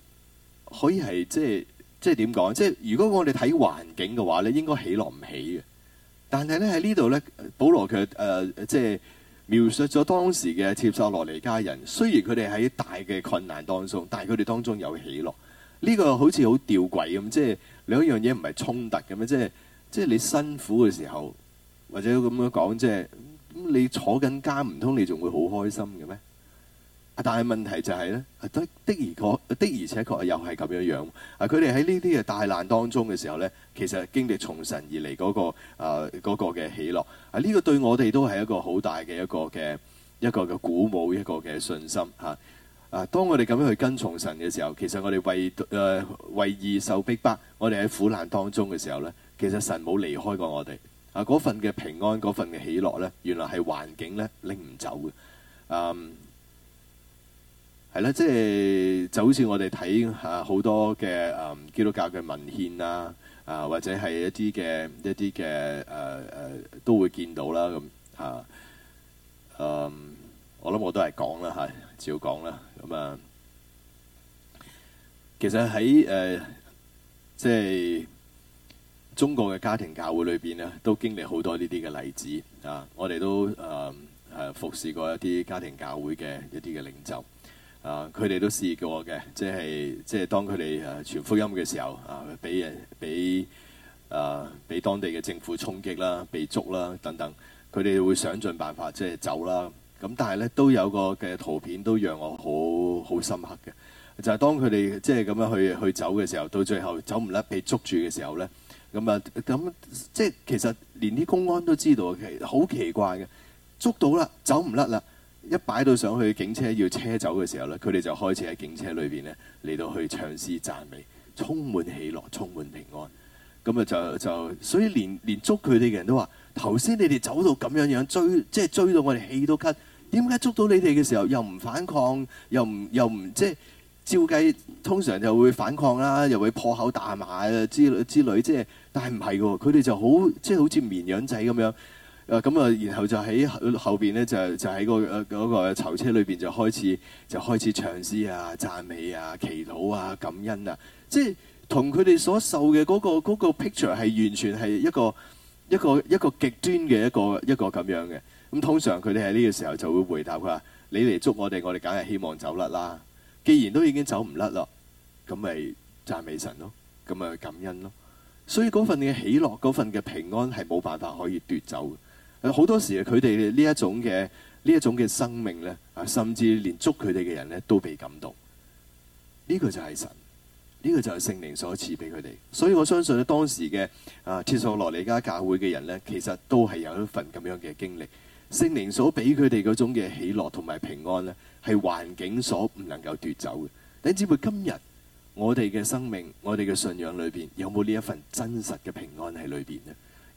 可以係即係即係點講？即係如果我哋睇環境嘅話呢，應該喜樂唔起嘅。但係咧喺呢度咧，保羅佢誒即係描述咗當時嘅帖撒羅尼迦人。雖然佢哋喺大嘅困難當中，但係佢哋當中有喜樂。呢、這個好似好吊詭咁，即係兩樣嘢唔係衝突咁樣。即係即係你辛苦嘅時候，或者咁樣講，即係咁你坐緊監唔通你仲會好開心嘅咩？但係問題就係、是、呢，的的而確的而且確又係咁樣樣。啊，佢哋喺呢啲嘅大難當中嘅時候呢，其實經歷從神而嚟嗰、那個啊嘅、呃那個、喜樂啊，呢、這個對我哋都係一個好大嘅一個嘅一個嘅鼓舞，一個嘅信心嚇。啊，當我哋咁樣去跟從神嘅時候，其實我哋為誒、呃、為義受逼迫，我哋喺苦難當中嘅時候呢，其實神冇離開過我哋啊。嗰份嘅平安，嗰份嘅喜樂呢，原來係環境呢拎唔走嘅。嗯、啊。係啦，即係就好似我哋睇嚇好多嘅誒基督教嘅文獻啊，啊或者係一啲嘅一啲嘅誒誒都會見到啦。咁嚇，嗯，我諗我都係講啦，嚇照講啦。咁、嗯、啊，其實喺誒即係中國嘅家庭教會裏邊咧，都經歷好多呢啲嘅例子啊、嗯、啊。我哋都誒誒服侍過一啲家庭教會嘅一啲嘅領袖。啊！佢哋都試過嘅，即係即係當佢哋傳福音嘅時候啊，俾人俾啊俾當地嘅政府衝擊啦，被捉啦等等。佢哋會想盡辦法即係走啦。咁但係呢，都有個嘅圖片都讓我好好深刻嘅，就係、是、當佢哋即係咁樣去去走嘅時候，到最後走唔甩被捉住嘅時候呢。咁啊咁即係其實連啲公安都知道奇好奇怪嘅，捉到啦走唔甩啦。一擺到上去，警車要車走嘅時候呢，佢哋就開始喺警車裏邊呢，嚟到去唱詩讚美，充滿喜樂，充滿平安。咁啊就就，所以連連捉佢哋嘅人都話：頭先你哋走到咁樣樣追，即係追到我哋氣都咳。點解捉到你哋嘅時候又唔反抗，又唔又唔即係照計，通常就會反抗啦，又會破口大罵之類之類。即係，但係唔係喎，佢哋就好，即係好似綿羊仔咁樣。咁啊，然後就喺後面呢，就就喺個誒嗰個囚車裏面，就開始就開始唱詩啊、讚美啊、祈禱啊、感恩啊，即係同佢哋所受嘅嗰個嗰個 picture 係完全係一個一個一個極端嘅一個一個咁樣嘅。咁通常佢哋喺呢個時候就會回答佢話：你嚟捉我哋，我哋梗係希望走甩啦。既然都已經走唔甩咯，咁咪讚美神咯，咁咪感恩咯。所以嗰份嘅喜樂、嗰份嘅平安係冇辦法可以奪走。好多時佢哋呢一種嘅呢一種嘅生命呢啊，甚至連捉佢哋嘅人呢都被感動。呢個就係神，呢個就係聖靈所賜俾佢哋。所以我相信咧當時嘅啊，帖撒羅尼迦教會嘅人呢，其實都係有一份咁樣嘅經歷。聖靈所俾佢哋嗰種嘅喜樂同埋平安呢，係環境所唔能夠奪走嘅。你只不過今日我哋嘅生命、我哋嘅信仰裏面，有冇呢一份真實嘅平安喺裏面呢？呢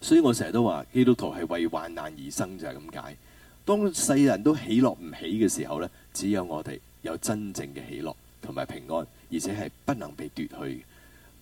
所以我成日都話，基督徒係為患難而生，就係咁解。當世人都喜樂唔起嘅時候呢，只有我哋有真正嘅喜樂同埋平安，而且係不能被奪去。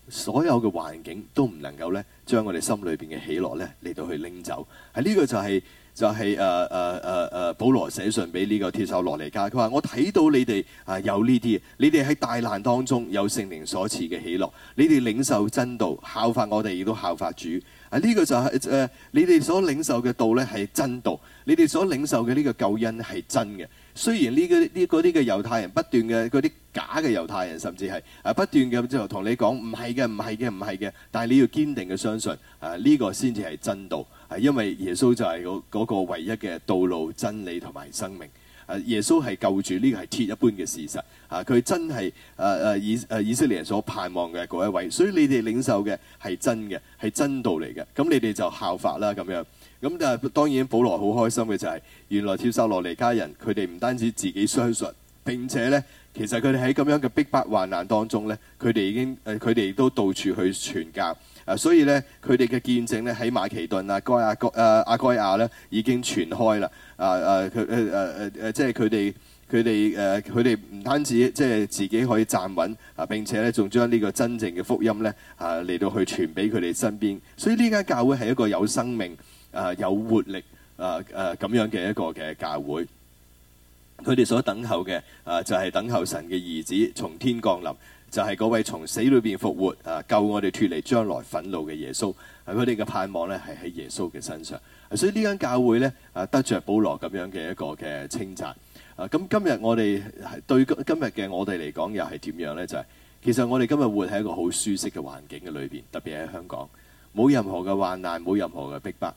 所有嘅環境都唔能夠呢將我哋心裏面嘅喜樂呢嚟到去拎走。係、這、呢個就係、是、就係、是、誒、啊啊啊、保羅寫信俾呢個帖撒羅尼迦，佢話我睇到你哋啊有呢啲，你哋喺大難當中有聖靈所賜嘅喜樂，你哋領受真道，效法我哋，亦都效法主。啊！呢、這個就係、是、誒、呃，你哋所領受嘅道咧係真道，你哋所領受嘅呢個救恩係真嘅。雖然呢個呢啲嘅猶太人不斷嘅嗰啲假嘅猶太人，甚至係啊不斷咁就同你講唔係嘅，唔係嘅，唔係嘅。但係你要堅定嘅相信啊，呢、這個先至係真道。係、啊、因為耶穌就係嗰嗰個唯一嘅道路、真理同埋生命。誒，耶穌係救主，呢個係鐵一般嘅事實，啊佢真係誒誒以誒、啊、以色列人所盼望嘅嗰一位，所以你哋領受嘅係真嘅，係真道嚟嘅，咁你哋就效法啦咁樣。咁但係當然，保羅好開心嘅就係、是、原來帖撒羅尼迦人佢哋唔單止自己相信，並且呢，其實佢哋喺咁樣嘅逼迫患難當中呢，佢哋已經誒佢哋都到處去傳教。啊，所以咧，佢哋嘅見證咧喺馬其頓啊、該亞、國啊、亞該亞咧，已經傳開啦。啊啊，佢佢誒誒誒，即係佢哋佢哋誒，佢哋唔單止即係自己可以站穩啊，並且咧仲將呢個真正嘅福音咧啊嚟到去傳俾佢哋身邊。所以呢間教會係一個有生命啊、有活力啊啊咁樣嘅一個嘅教會。佢哋所等候嘅啊，就係，是，等候神嘅兒子從天降臨。就係嗰位從死裏邊復活啊，救我哋脫離將來憤怒嘅耶穌，係佢哋嘅盼望咧，係喺耶穌嘅身上。所以呢間教會咧，得着保羅咁樣嘅一個嘅稱讚。啊，咁今日我哋對今日嘅我哋嚟講，又係點樣呢？就係、是、其實我哋今日活喺一個好舒適嘅環境嘅裏邊，特別喺香港，冇任何嘅患難，冇任何嘅逼迫。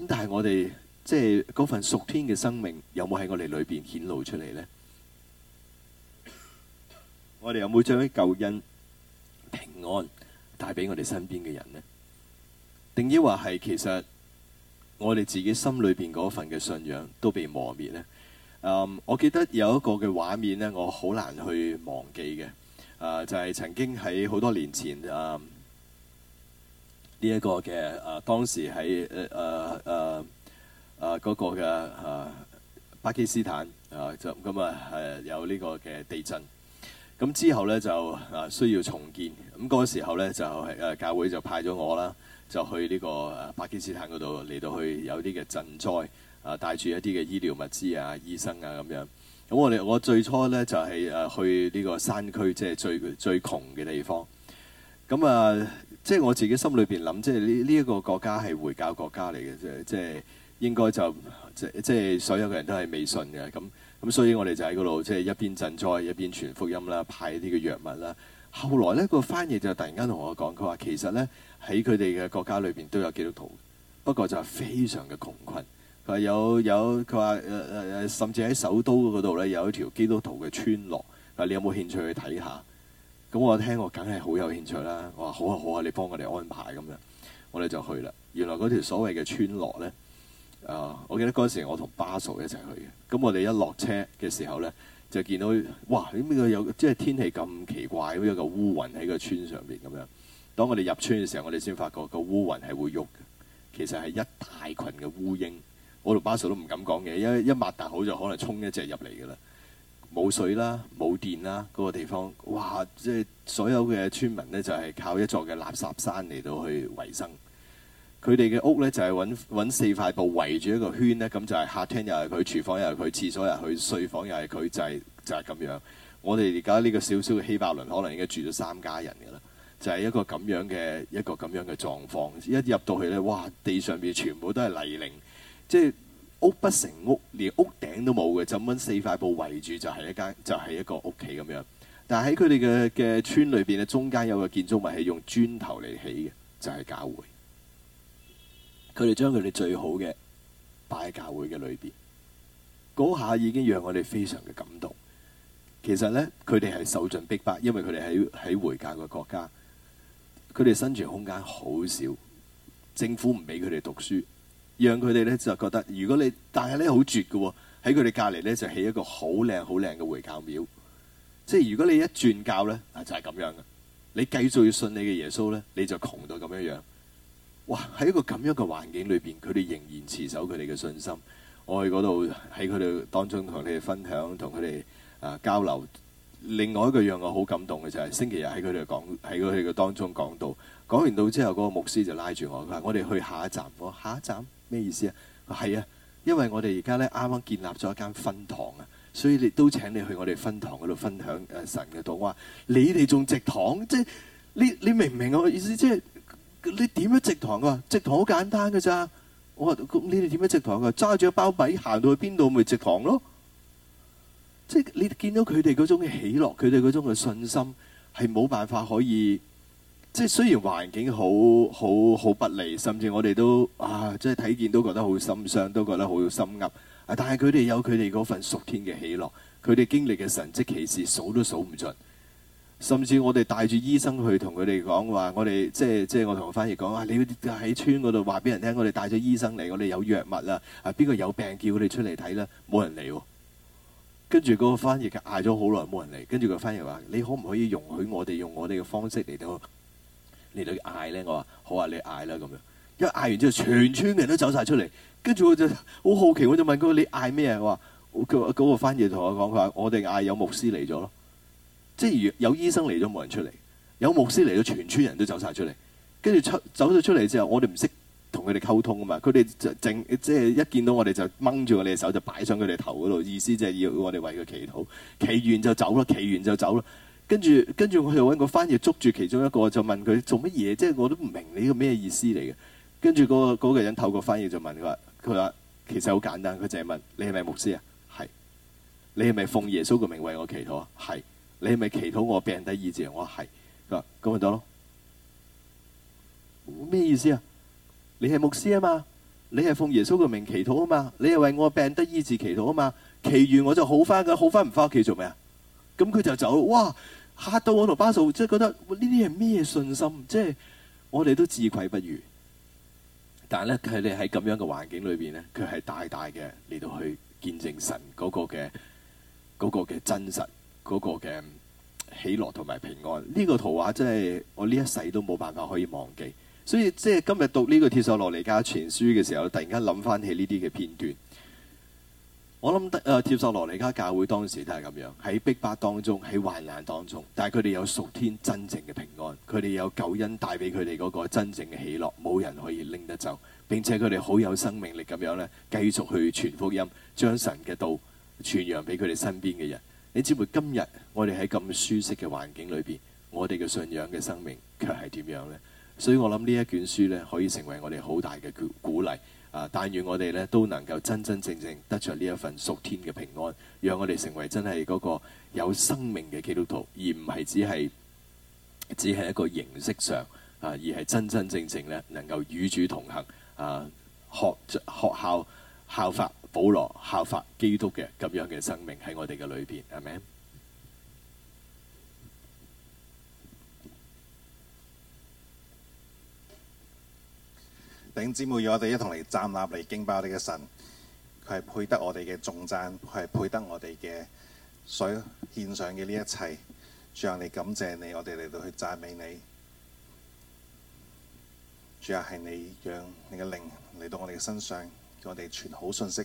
咁但係我哋即係嗰份屬天嘅生命，有冇喺我哋裏邊顯露出嚟呢？我哋有冇將啲救恩平安帶俾我哋身邊嘅人咧？定抑或係其實我哋自己心裏邊嗰份嘅信仰都被磨滅咧？嗯，我記得有一個嘅畫面呢，我好難去忘記嘅。誒，就係、是、曾經喺好多年前啊、呢、嗯、一個嘅誒，當時喺誒誒誒誒嗰個嘅誒巴基斯坦啊、呃，就咁啊誒有呢個嘅地震。咁之後咧就需要重建，咁嗰時候咧就係教會就派咗我啦，就去呢個巴基斯坦嗰度嚟到去有啲嘅震災，啊帶住一啲嘅醫療物資啊、醫生啊咁樣。咁我哋我最初咧就係去呢個山區，即係最最窮嘅地方。咁啊，即係我自己心裏邊諗，即係呢呢一個國家係回教國家嚟嘅，即係即係應該就即即係所有嘅人都係未信嘅咁。咁所以我哋就喺嗰度，即係一邊賑災，一邊傳福音啦，派啲嘅藥物啦。後來呢個翻譯就突然間同我講，佢話其實呢，喺佢哋嘅國家裏邊都有基督徒，不過就係非常嘅窮困。佢話有有，佢話誒誒，甚至喺首都嗰度呢，有一條基督徒嘅村落。你有冇興趣去睇下？咁我聽我梗係好有興趣啦。我話好啊好啊，你幫我哋安排咁樣，我哋就去啦。原來嗰條所謂嘅村落呢。啊！Uh, 我記得嗰陣時我、so，我同巴嫂一齊去嘅。咁我哋一落車嘅時候呢，就見到哇！點解有即係天氣咁奇怪？咁有個烏雲喺個村上面咁樣。當我哋入村嘅時候，我哋先發覺個烏雲係會喐嘅。其實係一大群嘅烏蠅。我同巴嫂都唔敢講嘢，因為一一擘大口就可能衝一隻入嚟嘅啦。冇水啦，冇電啦，嗰、那個地方。哇！即、就、係、是、所有嘅村民呢，就係、是、靠一座嘅垃圾山嚟到去維生。佢哋嘅屋呢，就係揾四塊布圍住一個圈呢，咁就係客廳又係佢，廚房又係佢，廁所又係佢，睡房又係佢，就係、是、就係、是、咁樣。我哋而家呢個小小嘅希伯倫可能已經住咗三家人噶啦，就係、是、一個咁樣嘅一個咁樣嘅狀況。一入到去呢，哇！地上面全部都係泥濘，即、就、係、是、屋不成屋，連屋頂都冇嘅，就咁揾四塊布圍住就係一間就係、是、一個屋企咁樣。但係喺佢哋嘅嘅村裏邊呢，中間有個建築物係用磚頭嚟起嘅，就係教會。佢哋將佢哋最好嘅擺喺教會嘅裏邊，嗰下已經讓我哋非常嘅感動。其實呢，佢哋係受盡逼迫，因為佢哋喺喺回教嘅國家，佢哋生存空間好少，政府唔俾佢哋讀書，讓佢哋呢就覺得如果你，但係呢好絕嘅喎，喺佢哋隔離呢，就起一個好靚好靚嘅回教廟，即係如果你一轉教呢，啊就係咁樣嘅，你繼續要信你嘅耶穌呢，你就窮到咁樣樣。哇！喺一個咁樣嘅環境裏邊，佢哋仍然持守佢哋嘅信心。我喺嗰度喺佢哋當中同佢哋分享，同佢哋啊交流。另外一個讓我好感動嘅就係星期日喺佢哋講喺佢哋嘅當中講到講完到之後，嗰個牧師就拉住我，佢話：我哋去下一站，下一站咩意思啊？話係啊，因為我哋而家呢啱啱建立咗一間分堂啊，所以你都請你去我哋分堂嗰度分享誒神嘅道。我話，你哋仲直堂，即係你你明唔明我嘅意思？即係。你點樣直堂㗎？直堂好簡單嘅咋。我話：咁你哋點樣直堂㗎？揸住個包米行到去邊度咪直堂咯。即係你見到佢哋嗰種嘅喜樂，佢哋嗰種嘅信心係冇辦法可以。即係雖然環境好好好不利，甚至我哋都啊，即係睇見都覺得好心傷，都覺得好心噏。啊！但係佢哋有佢哋嗰份屬天嘅喜樂，佢哋經歷嘅神跡奇事數都數唔盡。甚至我哋帶住醫生去同佢哋講話，我哋即係即係我同個翻譯講啊，你喺村嗰度話俾人聽，我哋帶咗醫生嚟，我哋有藥物啦，啊邊個有病叫佢哋出嚟睇啦，冇人嚟喎、啊。跟住嗰個翻譯嗌咗好耐冇人嚟，跟住個翻譯話：你可唔可以容許我哋用我哋嘅方式嚟到嚟到嗌呢，我話好啊，你嗌啦咁樣。一嗌完之後，全村人都走晒出嚟。跟住我就好好奇，我就問佢：你嗌咩啊？我話：嗰、嗰個翻譯同我講，佢話我哋嗌有牧師嚟咗咯。即係有醫生嚟咗冇人出嚟，有牧師嚟咗全村人都走晒出嚟，跟住出走咗出嚟之後，我哋唔識同佢哋溝通啊嘛，佢哋就淨即係一見到我哋就掹住我哋嘅手就擺上佢哋頭嗰度，意思就係要我哋為佢祈禱，祈完就走咯，祈完就走咯。跟住跟住我哋揾個翻譯捉住其中一個就問佢做乜嘢，即係我都唔明呢個咩意思嚟嘅。跟住嗰個人透過翻譯就問佢話：佢話其實好簡單，佢淨係問你係咪牧師啊？係。你係咪奉耶穌嘅名為我祈禱啊？係。你係咪祈禱我病得醫治？我話係，佢話咁咪得咯。咩意思啊？你係牧師啊嘛，你係奉耶穌嘅名祈禱啊嘛，你係為我病得醫治祈禱啊嘛。其餘我就好翻嘅，好翻唔翻屋企做咩啊？咁佢就走，哇！嚇到我同巴素，即係覺得呢啲係咩信心？即係我哋都自愧不如。但係咧，佢哋喺咁樣嘅環境裏邊咧，佢係大大嘅嚟到去見證神嗰個嘅嗰個嘅真實。嗰個嘅喜樂同埋平安，呢、這個圖畫真係我呢一世都冇辦法可以忘記。所以即係今日讀呢、這個帖撒羅尼迦前書嘅時候，突然間諗返起呢啲嘅片段。我諗誒帖撒羅尼迦教會當時都係咁樣，喺逼迫當中，喺患難當中，但係佢哋有屬天真正嘅平安，佢哋有救恩帶俾佢哋嗰個真正嘅喜樂，冇人可以拎得走。並且佢哋好有生命力咁樣呢，繼續去傳福音，將神嘅道傳揚俾佢哋身邊嘅人。你知唔知今日我哋喺咁舒適嘅環境裏邊，我哋嘅信仰嘅生命卻係點樣咧？所以我諗呢一卷書咧，可以成為我哋好大嘅鼓鼓勵啊、呃！但願我哋咧都能夠真真正正得着呢一份屬天嘅平安，讓我哋成為真係嗰個有生命嘅基督徒，而唔係只係只係一個形式上啊、呃，而係真真正正咧能夠與主同行啊、呃，學學校效法。保羅效法基督嘅咁樣嘅生命喺我哋嘅裏邊，阿咪？弟兄姊妹，要我哋一同嚟站立嚟敬拜我哋嘅神，佢係配得我哋嘅重讚，佢係配得我哋嘅所獻上嘅呢一切。主啊，你感謝你，我哋嚟到去讚美你。主啊，係你讓你嘅靈嚟到我哋嘅身上，叫我哋傳好信息。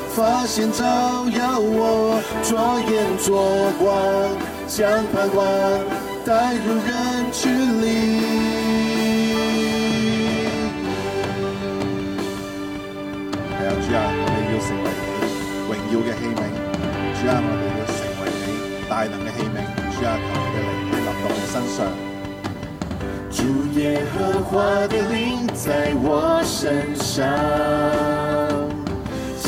發現照耀我，左眼左光，將盼望帶入人群裏。主啊，我哋要成為你榮耀的器皿。主啊，我哋要成為你大能的器皿。主啊，求你的靈來臨到我身上。主耶和華的靈在我身上。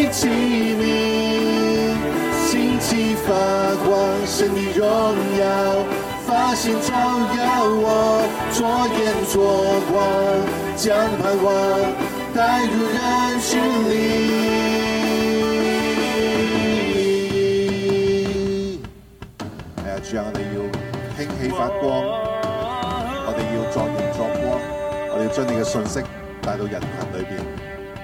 記起你，興起發光，神的榮耀，發現照耀我，作鹽作光，將盼望帶入人群裏。係啊、哎，主啊，我哋要興起發光，我哋要作鹽作光，我哋要將你嘅信息帶到人群裏邊。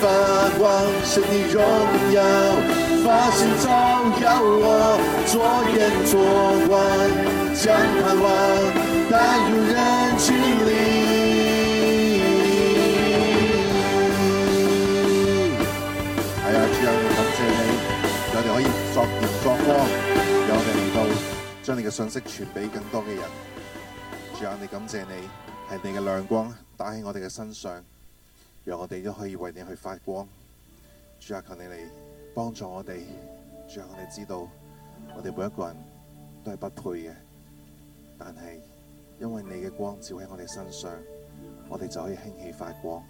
發光，是你榮耀，發誓照耀我，作鹽作光，將盼望帶入人群裏。係啊、哎，主啊，我感謝你，我哋可以作鹽作光，有我哋嚟，到將你嘅信息傳俾更多嘅人。主啊，我感謝你，係你嘅亮光打喺我哋嘅身上。讓我哋都可以為你去發光，主啊，求你嚟幫助我哋，主啊，求你知道，我哋每一個人都係不配嘅，但係因為你嘅光照喺我哋身上，我哋就可以興起發光。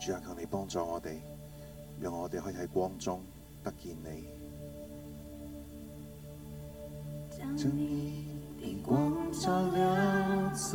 主啊，求你幫助我哋，讓我哋可以喺光中得見你。將你的光照亮在。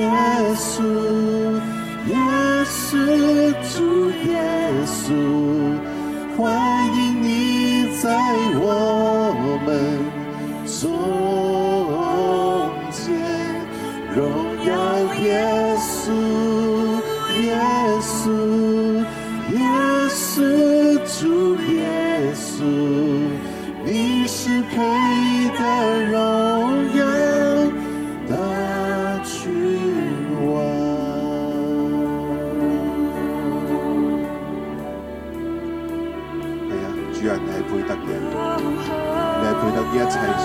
耶穌也是主，耶穌，主耶穌歡迎你在我們。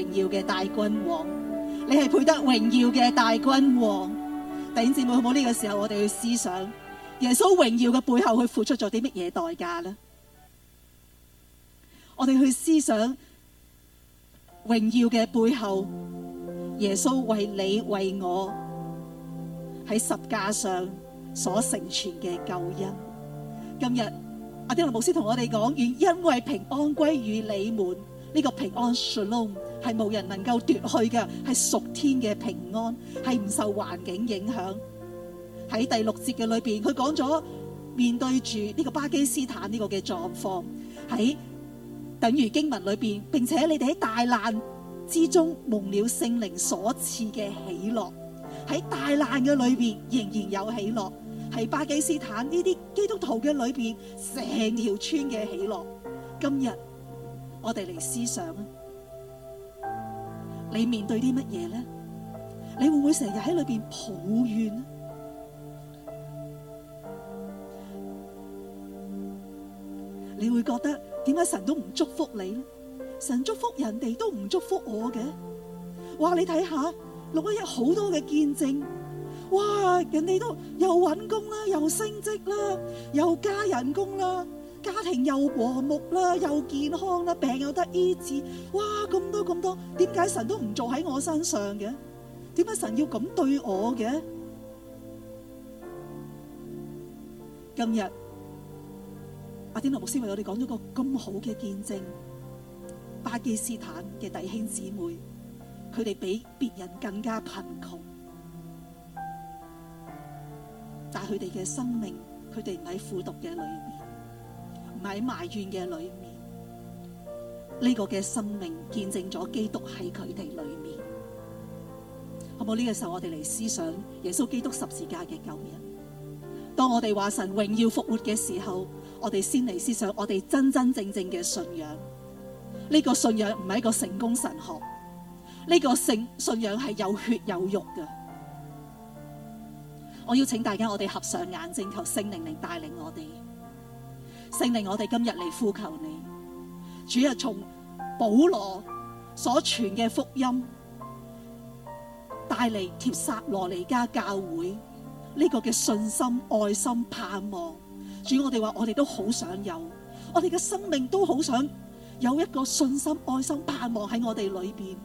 榮耀嘅大君王，你係配得榮耀嘅大君王。弟兄姊妹，好唔好呢個時候我哋去思想耶穌榮耀嘅背後，佢付出咗啲乜嘢代價呢？我哋去思想榮耀嘅背後，耶穌為你為我喺十架上所成全嘅救恩。今日 Adino 牧師同我哋講，願因為平安歸於你們呢個平安 shalom。係無人能夠奪去嘅，係屬天嘅平安，係唔受環境影響。喺第六節嘅裏邊，佢講咗面對住呢個巴基斯坦呢個嘅狀況，喺等於經文裏邊，並且你哋喺大難之中蒙了聖靈所賜嘅喜樂，喺大難嘅裏邊仍然有喜樂，喺巴基斯坦呢啲基督徒嘅裏邊成條村嘅喜樂。今日我哋嚟思想。你面對啲乜嘢咧？你會唔會成日喺裏邊抱怨咧？你會覺得點解神都唔祝福你咧？神祝福人哋都唔祝福我嘅？哇！你睇下六一一好多嘅見證，哇！人哋都又揾工啦，又升職啦，又加人工啦。家庭又和睦啦，又健康啦，病又得醫治，哇！咁多咁多，點解神都唔做喺我身上嘅？點解神要咁對我嘅？今日 Adino 牧師為我哋講咗個咁好嘅見證，巴基斯坦嘅弟兄姊妹，佢哋比別人更加貧窮，但係佢哋嘅生命，佢哋唔係苦讀嘅女。喺埋怨嘅裏面，呢個嘅生命見證咗基督喺佢哋裏面好，好好。呢個時候我哋嚟思想耶穌基督十字架嘅救恩。當我哋話神榮耀復活嘅時候，我哋先嚟思想我哋真真正正嘅信仰。呢個信仰唔係一個成功神學，呢個信仰係有血有肉嘅。我要請大家，我哋合上眼睛，求聖靈嚟帶領我哋。聖靈，我哋今日嚟呼求你，主啊，從保羅所傳嘅福音帶嚟帖撒羅尼迦教會呢個嘅信心、愛心、盼望，主，我哋話我哋都好想有，我哋嘅生命都好想有一個信心、愛心、盼望喺我哋裏邊，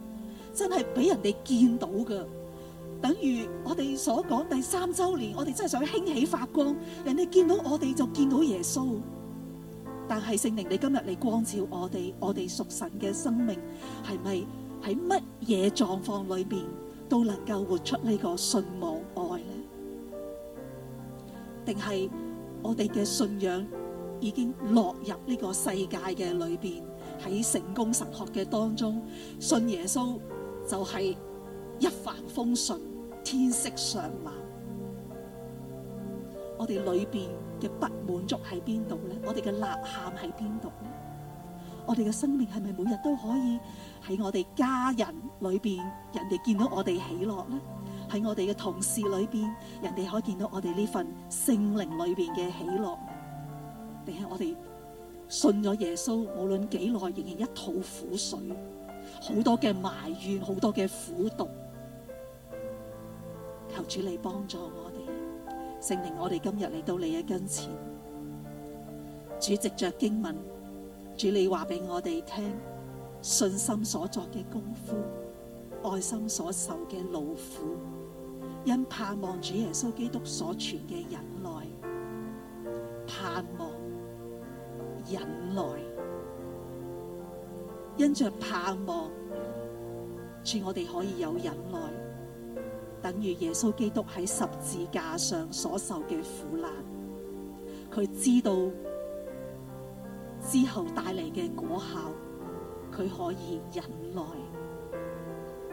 真係俾人哋見到噶，等於我哋所講第三周年，我哋真係想興起發光，人哋見到我哋就見到耶穌。但係聖靈，你今日嚟光照我哋，我哋屬神嘅生命係咪喺乜嘢狀況裏邊都能夠活出呢個信望愛咧？定係我哋嘅信仰已經落入呢個世界嘅裏邊，喺成功神學嘅當中，信耶穌就係一帆風順，天色常藍。我哋裏邊。嘅不滿足喺邊度咧？我哋嘅吶喊喺邊度？我哋嘅生命係咪每日都可以喺我哋家人裏邊，人哋見到我哋喜樂咧？喺我哋嘅同事裏邊，人哋可以見到我哋呢份聖靈裏邊嘅喜樂，定係我哋信咗耶穌，無論幾耐仍然一肚苦水，好多嘅埋怨，好多嘅苦毒，求主你幫助我。聖靈，我哋今日嚟到你嘅跟前，主藉着經文，主你話俾我哋聽，信心所作嘅功夫，愛心所受嘅勞苦，因盼望主耶穌基督所存嘅忍耐，盼望忍耐，因着盼望，願我哋可以有忍耐。等於耶穌基督喺十字架上所受嘅苦難，佢知道之後帶嚟嘅果效，佢可以忍耐，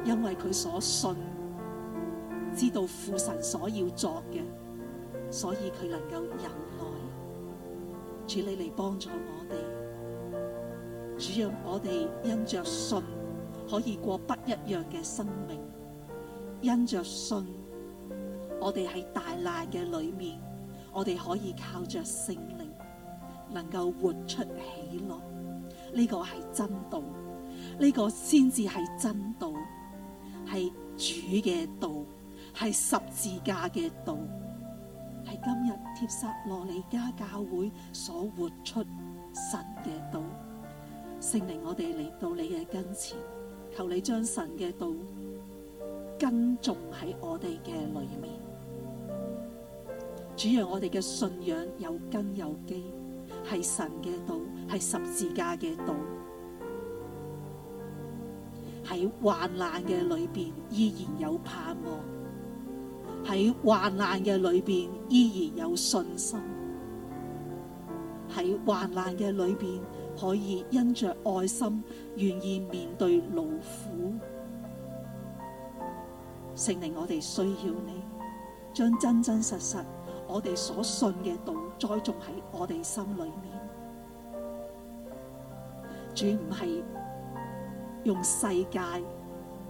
因為佢所信知道父神所要作嘅，所以佢能夠忍耐。主你嚟幫助我哋，主讓我哋因着信可以過不一樣嘅生命。因着信，我哋喺大難嘅裏面，我哋可以靠着聖靈，能夠活出喜樂。呢、這個係真道，呢、這個先至係真道，係主嘅道，係十字架嘅道，係今日帖撒羅尼迦教會所活出神嘅道。聖靈，我哋嚟到你嘅跟前，求你將神嘅道。根種喺我哋嘅裏面，主要我哋嘅信仰有根有基，係神嘅道，係十字架嘅道。喺患難嘅裏邊依然有盼望，喺患難嘅裏邊依然有信心，喺患難嘅裏邊可以因着愛心願意面對勞苦。聖靈，我哋需要你將真真實實我哋所信嘅道栽種喺我哋心裏面。主唔係用世界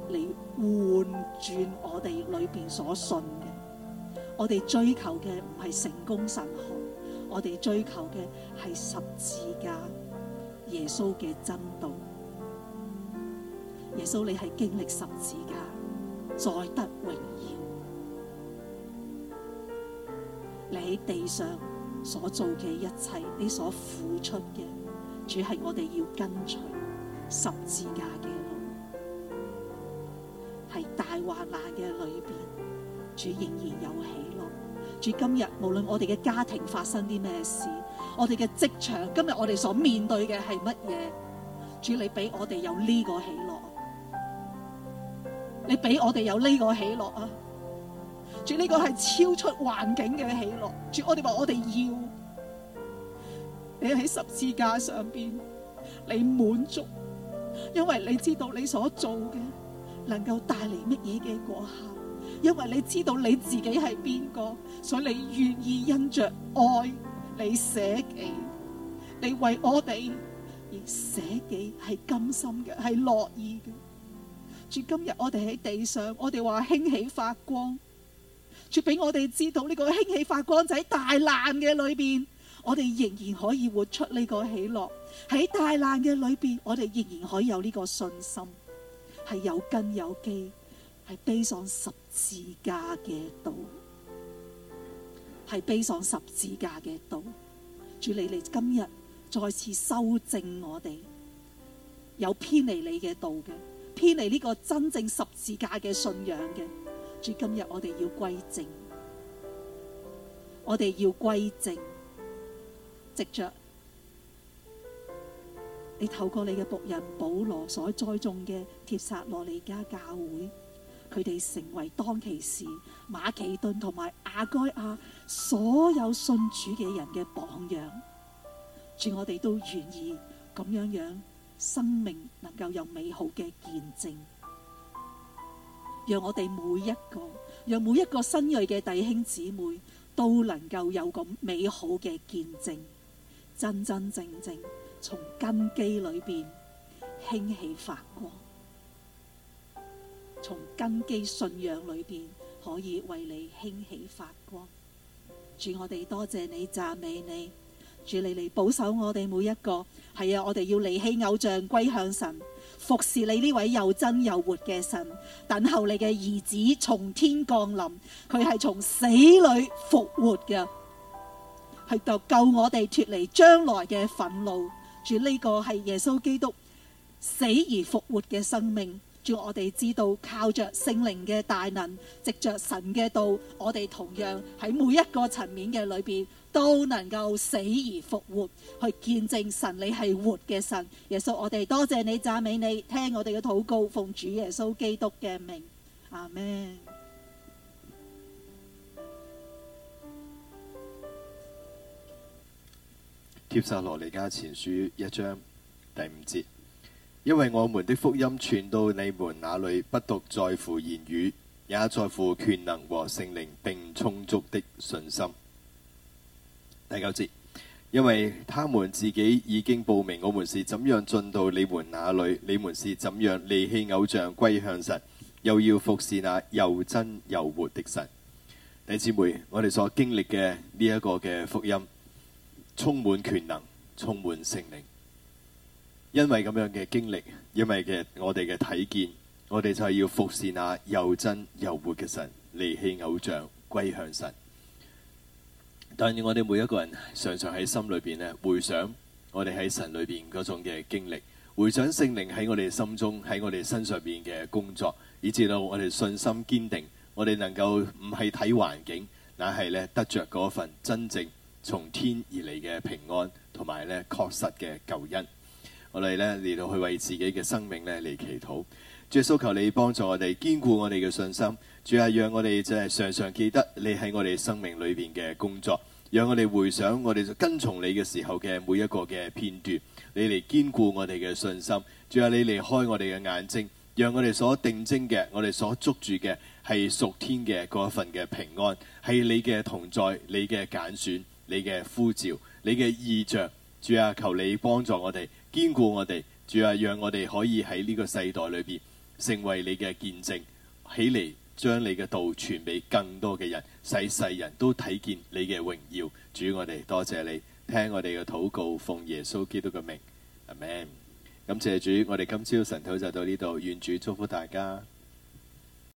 嚟換轉我哋裏邊所信嘅，我哋追求嘅唔係成功神學，我哋追求嘅係十字架耶穌嘅真道。耶穌，你係經歷十字架。再得榮耀，你喺地上所做嘅一切，你所付出嘅。主，係我哋要跟隨十字架嘅路，係大患難嘅裏邊，主仍然有喜樂。主，今日無論我哋嘅家庭發生啲咩事，我哋嘅職場今日我哋所面對嘅係乜嘢，主，你俾我哋有呢個喜樂。你俾我哋有呢個喜樂啊！主呢個係超出環境嘅喜樂。主，我哋話我哋要你喺十字架上邊，你滿足，因為你知道你所做嘅能夠帶嚟乜嘢嘅果效，因為你知道你自己係邊個，所以你願意因着愛你捨己，你為我哋而捨己係甘心嘅，係樂意嘅。主今日，我哋喺地上，我哋話興起發光，主俾我哋知道呢個興起發光就喺大難嘅裏邊，我哋仍然可以活出呢個喜樂。喺大難嘅裏邊，我哋仍然可以有呢個信心，係有根有基，係背上十字架嘅道，係背上十字架嘅道。主你嚟，今日再次修正我哋有偏離你嘅道嘅。偏離呢個真正十字架嘅信仰嘅，主今日我哋要歸正，我哋要歸正，藉着你透過你嘅僕人保羅所栽種嘅帖撒羅尼加教會，佢哋成為當其時馬其頓同埋亞該亞所有信主嘅人嘅榜樣。主，我哋都願意咁樣樣。生命能夠有美好嘅見證，讓我哋每一個，讓每一個新銳嘅弟兄姊妹，都能夠有咁美好嘅見證，真真正正從根基裏面興起發光，從根基信仰裏面，可以為你興起發光。主，我哋多謝你讚美你。主你嚟保守我哋每一個，係啊，我哋要離棄偶像歸向神，服侍你呢位又真又活嘅神，等候你嘅兒子從天降臨，佢係從死裏復活嘅，係度救我哋脫離將來嘅憤怒。主，呢個係耶穌基督死而復活嘅生命。叫我哋知道，靠着聖靈嘅大能，藉着神嘅道，我哋同樣喺每一個層面嘅裏邊都能夠死而復活，去見證神你係活嘅神。耶穌我，我哋多謝你讚美你，聽我哋嘅禱告，奉主耶穌基督嘅名，阿門。帖撒羅尼迦前書一章第五節。因為我們的福音傳到你們那裏，不獨在乎言語，也在乎權能和聖靈，並充足的信心。第九節，因為他們自己已經報明我們是怎樣進到你們那裏，你們是怎樣離棄偶像歸向神，又要服侍那又真又活的神。弟兄姊妹，我哋所經歷嘅呢一個嘅福音，充滿權能，充滿聖靈。因為咁樣嘅經歷，因為嘅我哋嘅睇見，我哋就係要服侍那又真又活嘅神，離棄偶像，歸向神。但願我哋每一個人，常常喺心裏邊咧回想我哋喺神裏邊嗰種嘅經歷，回想聖靈喺我哋心中喺我哋身上邊嘅工作，以至到我哋信心堅定，我哋能夠唔係睇環境，乃係咧得着嗰份真正從天而嚟嘅平安，同埋咧確實嘅救恩。我哋呢嚟到去為自己嘅生命呢嚟祈禱，主耶穌求你幫助我哋堅固我哋嘅信心。主啊，讓我哋就係常常記得你喺我哋生命裏邊嘅工作，讓我哋回想我哋跟從你嘅時候嘅每一個嘅片段，你嚟堅固我哋嘅信心。主啊，你嚟開我哋嘅眼睛，讓我哋所定睛嘅，我哋所捉住嘅係屬天嘅嗰一份嘅平安，係你嘅同在，你嘅揀選，你嘅呼召，你嘅意象。主啊，求你幫助我哋。堅固我哋，主啊，讓我哋可以喺呢個世代裏邊成為你嘅見證，起嚟將你嘅道傳俾更多嘅人，使世，世人都睇見你嘅榮耀。主，我哋多謝你，聽我哋嘅禱告，奉耶穌基督嘅名，阿門。感謝主，我哋今朝晨禱就到呢度，願主祝福大家。